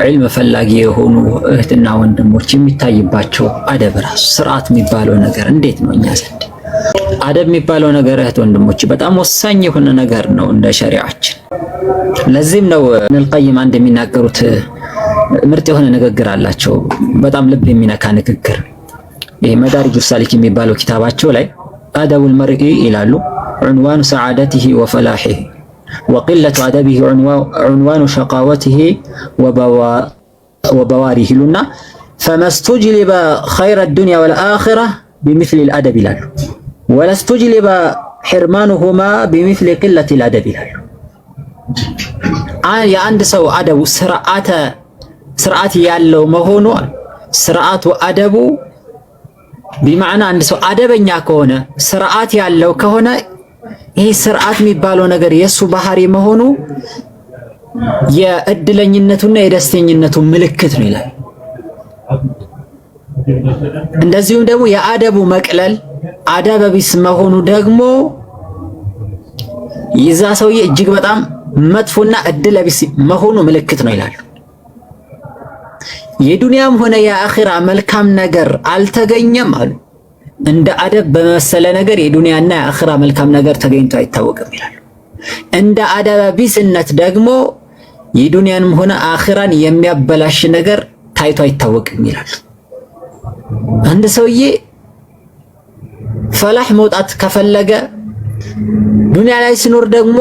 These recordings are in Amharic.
ዕልም ፈላጊ የሆኑ እህትና ወንድሞች የሚታይባቸው አደብ ራሱ ስርዓት የሚባለው ነገር እንዴት ነው እኛ ዘንድ አደብ የሚባለው ነገር እህት ወንድሞች በጣም ወሳኝ የሆነ ነገር ነው እንደ ሸሪዓችን። ለዚህም ነው ንልቀይም አንድ የሚናገሩት ምርጥ የሆነ ንግግር አላቸው። በጣም ልብ የሚነካ ንግግር። ይህ መዳሪጁ ሳሊክ የሚባለው ኪታባቸው ላይ አደቡል መርኢ ይላሉ ዑንዋኑ ሰዓደቲሂ ወፈላሂሂ ወቂለቱ አደቢሂ ዑንዋኑ ሸቃወቲሂ ወበዋሪህ ይሉና ፈመስቱጅሊበ ኸይረ ዱንያ ወልአኺራ ቢሚስሊል አደብ ይላሉ። ወለስቱጅሊበ ሒርማኑሁማ ቢሚስሊ ቅለቲል አደብ ይላሉ። የአንድ ሰው አደቡ ስርዓት ያለው መሆኑ ስርዓቱ አደቡ ቢማዕና አንድ ሰው አደበኛ ከሆነ ስርዓት ያለው ከሆነ ይህ ስርዓት የሚባለው ነገር የእሱ ባህሪ መሆኑ የእድለኝነቱና የደስተኝነቱ ምልክት ነው ይላል። እንደዚሁም ደግሞ የአደቡ መቅለል አደበ ቢስ መሆኑ ደግሞ ይዛ ሰውዬ እጅግ በጣም መጥፎና እድለ ቢስ መሆኑ ምልክት ነው ይላሉ። የዱንያም ሆነ የአኺራ መልካም ነገር አልተገኘም አሉ። እንደ አደብ በመሰለ ነገር የዱንያና የአኽራ መልካም ነገር ተገኝቶ አይታወቅም ይላሉ። እንደ አደብ ቢስነት ደግሞ የዱንያንም ሆነ አኽራን የሚያበላሽ ነገር ታይቶ አይታወቅም ይላሉ። አንድ ሰውዬ ፈላህ መውጣት ከፈለገ ዱንያ ላይ ሲኖር ደግሞ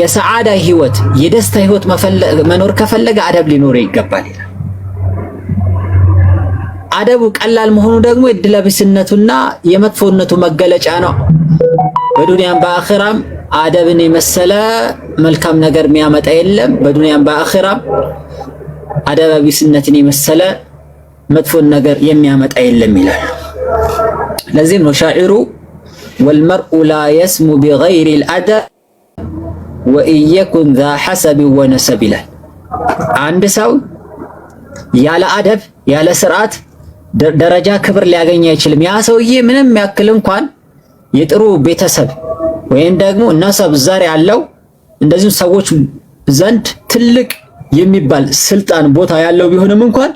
የሰዓዳ ህይወት የደስታ ህይወት መኖር ከፈለገ አደብ ሊኖር ይገባል ይላል። አደቡ ቀላል መሆኑ ደግሞ የድለብስነቱና የመጥፎነቱ መገለጫ ነው። በዱንያም በአኺራም አደብን የመሰለ መልካም ነገር የሚያመጣ የለም። በዱንያም በአኺራም አደባቢስነትን የመሰለ መጥፎን ነገር የሚያመጣ የለም ይላል። ለዚህም ነው ሻዒሩ ወልመርኡ ላ የስሙ ቢገይሪ ልአደብ ወኢየኩን ዛ ሐሰብ ወነሰብ ይላል። አንድ ሰው ያለ አደብ ያለ ስርዓት ደረጃ ክብር ሊያገኝ አይችልም። ያ ሰውዬ ምንም ያክል እንኳን የጥሩ ቤተሰብ ወይም ደግሞ ነሰብ ዘር ያለው እንደዚሁም ሰዎች ዘንድ ትልቅ የሚባል ስልጣን ቦታ ያለው ቢሆንም እንኳን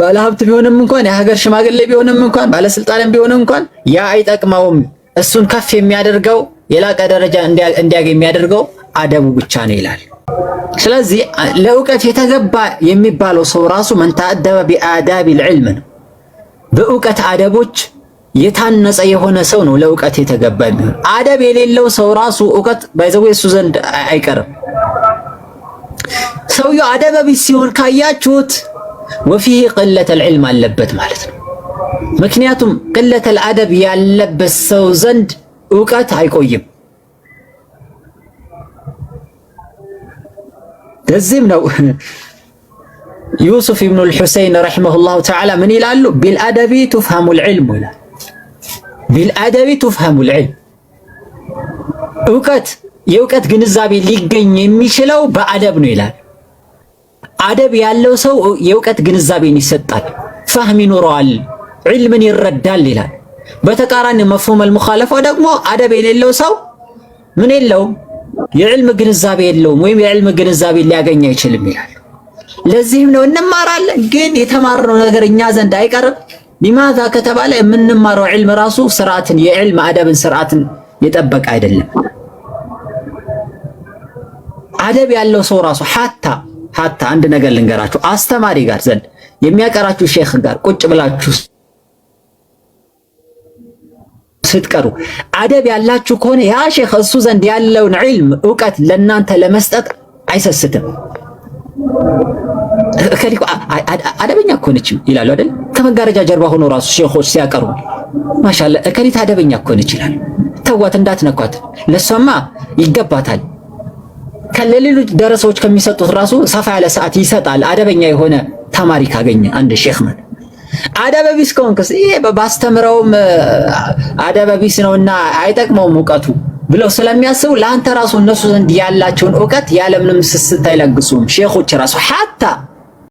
ባለሀብት ቢሆንም እንኳን የሀገር ሽማግሌ ቢሆንም እንኳን ባለስልጣንም ቢሆን እንኳን ያ አይጠቅመውም። እሱን ከፍ የሚያደርገው የላቀ ደረጃ እንዲያገኝ የሚያደርገው አደቡ ብቻ ነው ይላል። ስለዚህ ለእውቀት የተገባ የሚባለው ሰው ራሱ መን ተአደበ ቢአዳብ ልዕልም ነው። በእውቀት አደቦች የታነጸ የሆነ ሰው ነው ለእውቀት የተገባ የሚሆን። አደብ የሌለው ሰው ራሱ እውቀት ባይዘው እሱ ዘንድ አይቀርም። ሰውየው አደበ ቢስ ሲሆን ካያችሁት ወፊህ ቅለት ልዕልም አለበት ማለት ነው። ምክንያቱም ቅለት አደብ ያለበት ሰው ዘንድ እውቀት አይቆይም። ለዚህም ነው ዩሱፍ ኢብኑል ሑሰይን ረሂመሁላሁ ተዓላ ምን ይላሉ? ቢልአደቢ ቱፍሀሙል ዒልም ይላል። ቢልአደቢ ቱፍሀሙል ዒልም እውቀት የእውቀት ግንዛቤ ሊገኝ የሚችለው በአደብ ነው ይላል። አደብ ያለው ሰው የእውቀት ግንዛቤን ይሰጣል፣ ፈህም ይኖረዋል፣ ዒልምን ይረዳል ይላል። በተቃራኒ መፍሁም አልሙኻለፋ ደግሞ አደብ የሌለው ሰው ምን የለውም የዕልም ግንዛቤ የለውም ወይም የዕልም ግንዛቤ ሊያገኝ አይችልም ይላል። ለዚህም ነው እንማራለን፣ ግን የተማርነው ነገር እኛ ዘንድ አይቀርም። ሊማዛ ከተባለ የምንማረው ዕልም ራሱ ስርዓትን የዕልም አደብን ስርዓትን የጠበቀ አይደለም። አደብ ያለው ሰው ራሱ ሀታ ሀታ አንድ ነገር ልንገራችሁ፣ አስተማሪ ጋር ዘንድ የሚያቀራችሁ ሼክ ጋር ቁጭ ብላችሁ ስትቀሩ አደብ ያላችሁ ከሆነ ያ ሼክ እሱ ዘንድ ያለውን ዒልም እውቀት ለእናንተ ለመስጠት አይሰስትም። ከሊቁ አደበኛ እኮ ነች ይላሉ አይደል? ከመጋረጃ ጀርባ ሆኖ ራሱ ሼኾች ሲያቀሩ ማሻላ እከሊት አደበኛ እኮ ነች ይላሉ። ተዋት እንዳትነኳት፣ ለሷማ ይገባታል። ከሌሎች ደረሰዎች ከሚሰጡት ራሱ ሰፋ ያለ ሰዓት ይሰጣል። አደበኛ የሆነ ተማሪ ካገኘ አንድ ሼኽ ማለት አዳበቢስ ከሆንክስ ይሄ ባስተምረውም አደበቢስ ነውና አይጠቅመውም እውቀቱ ብለው ስለሚያስቡ ለአንተ ራሱ እነሱ ዘንድ ያላቸውን እውቀት ያለምንም ስስት አይለግሱም ሼኾች ራሱ ሐታ